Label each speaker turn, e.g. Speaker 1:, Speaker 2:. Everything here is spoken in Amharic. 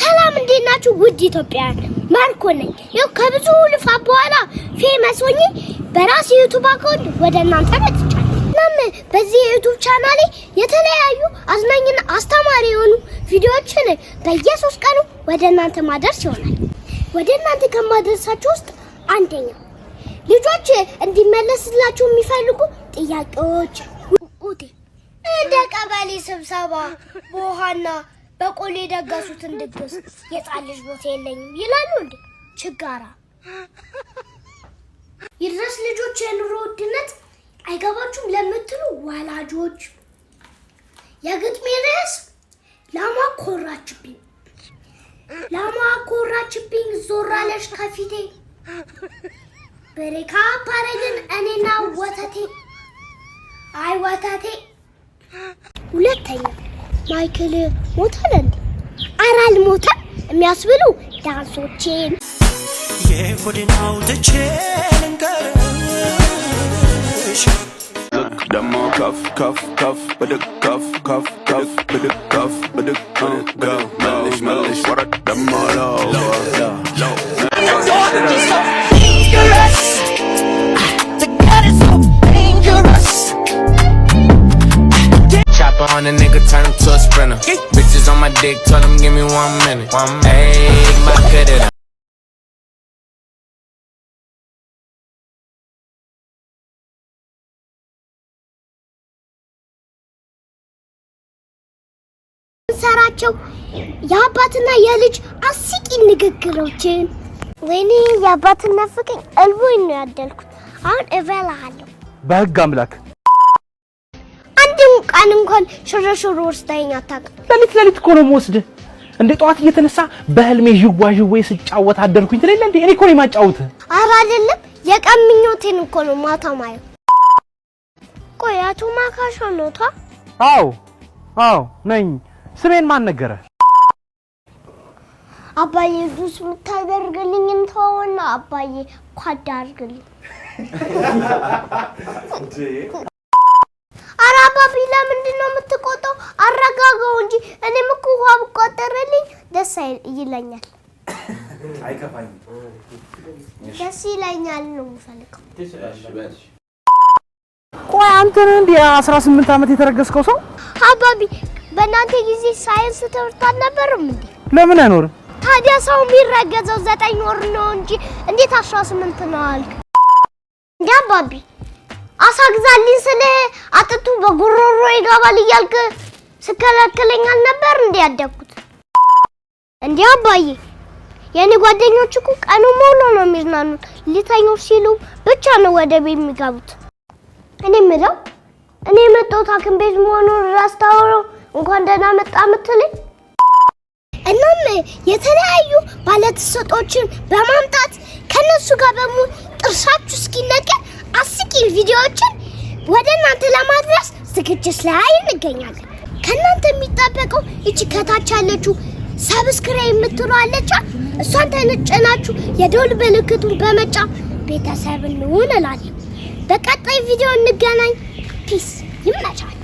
Speaker 1: ሰላም እንዴት ናችሁ? ውድ ኢትዮጵያውያን ማርኮ ነኝ። ያው ከብዙ ልፋት በኋላ ፌመስ ሆኜ በራሴ ዩቱብ አካውንት ወደ እናንተ መጥቻለሁ። እናም በዚህ የዩቱብ ቻናሌ የተለያዩ አዝናኝና አስተማሪ የሆኑ ቪዲዮዎችን በየሶስት ቀኑ ወደ እናንተ ማድረስ ይሆናል። ወደ እናንተ ከማድረሳችሁ ውስጥ አንደኛው ልጆች እንዲመለስላችሁ የሚፈልጉ ጥያቄዎች
Speaker 2: እንደ ቀበሌ ስብሰባ በውሃና በቆሌ የደገሱትን ድግስ የጻን ልጅ ቦታ የለኝም ይላሉ። እንዴ ችጋራ ይድረስ ልጆች የኑሮ ውድነት አይገባችሁም ለምትሉ ወላጆች የግጥሜ ርዕስ ላሟ ኮራችብኝ፣ ላሟ ኮራችብኝ ዞራለች ከፊቴ ብሬካ ፓረግን እኔና ወተቴ አይ ወተቴ ሁለተኛ ማይክል ሞተልን ኧረ አልሞተም የሚያስብሉ ዳንሶቼን የሆድን አውጥቼ ልንገርሽ ደሞ ከፍ ከፍ ከፍ ብድግ ከፍ ከፍ ከፍ ብድግ ከፍ ብድግ ገው መልሽ መልሽ ወረድ ደሞ ለው ለው on a nigga turn sprinter. Bitches on my dick, tell them give me one minute. Ayy, my cutter. ሰራቸው የአባትና የልጅ አስቂኝ ንግግሮችን። ወይኔ የአባትና ፍቅኝ እልቦኝ ነው ያደልኩት። አሁን እበላሃለሁ
Speaker 3: በህግ አምላክ
Speaker 2: ቀን እንኳን ሽርሽር ወስደኸኝ አታውቅም።
Speaker 3: ለሊት ለሊት እኮ ነው የምወስድህ። እንደ ጠዋት እየተነሳ በህልሜ ዥዋ ዥዌ ስጫወት አደርኩኝ ትለኝ እንዴ? እኔ እኮ ነው የማጫውትህ።
Speaker 2: ኧረ አይደለም፣ የቀን ምኞቴን እኮ ነው ማታ ማየው። ቆይ አቶ ማካሾ ነዎታ?
Speaker 3: አዎ አዎ ነኝ። ስሜን ማን ነገረ?
Speaker 2: አባዬ ጁስ ምታደርግልኝ እንተውና አባዬ ኳዳ አድርግልኝ። አባቢ ለምንድን ነው የምትቆጠው? አረጋጋው እንጂ እኔም እኮ ውሃ ብቆጠርልኝ ደስ ይለኛል። አይከፋኝም፣ ደስ ይለኛል ነው የምፈልገው።
Speaker 3: ቆይ አንተ ነህ እንደ አስራ ስምንት ዓመት የተረገዝከው ሰው?
Speaker 2: አባቢ በእናንተ ጊዜ ሳይንስ ትምህርት አልነበረም እንዴ? ለምን አይኖርም ታዲያ? ሰው የሚረገዘው ዘጠኝ ወር ነው እንጂ እንዴት አስራ ስምንት ነው አልክ? እንደ አባቢ አሳ ግዛልኝ ስልህ አጥንቱ በጉሮሮ ይገባል እያልክ ስከለክለኝ አልነበር እንዴ ያደግኩት? እንዴ አባዬ፣ የኔ ጓደኞች እኮ ቀኑ ሙሉ ነው የሚዝናኑት። ሊተኙ ሲሉ ብቻ ነው ወደ ቤት የሚገቡት። እኔ ምለው እኔ የመጣሁት ሐኪም ቤት መሆኑን ራስታውሮ እንኳን ደህና መጣ የምትለኝ እናም የተለያዩ ባለተሰጦችን በማምጣት ከነሱ ጋር በመሆን ጥርሳችሁ እስኪነቀል አስቂኝ ቪዲዮዎችን ወደ እናንተ ለማድረስ ዝግጅት ላይ እንገኛለን። ከእናንተ የሚጠበቀው እቺ ከታች ያለችው ሰብስክራይብ አለች፣ እሷን ተጭናችሁ የደውል ምልክቱን በመጫ ቤተሰብ እንሆን እላለሁ። በቀጣይ ቪዲዮ እንገናኝ። ፒስ ይመቻል።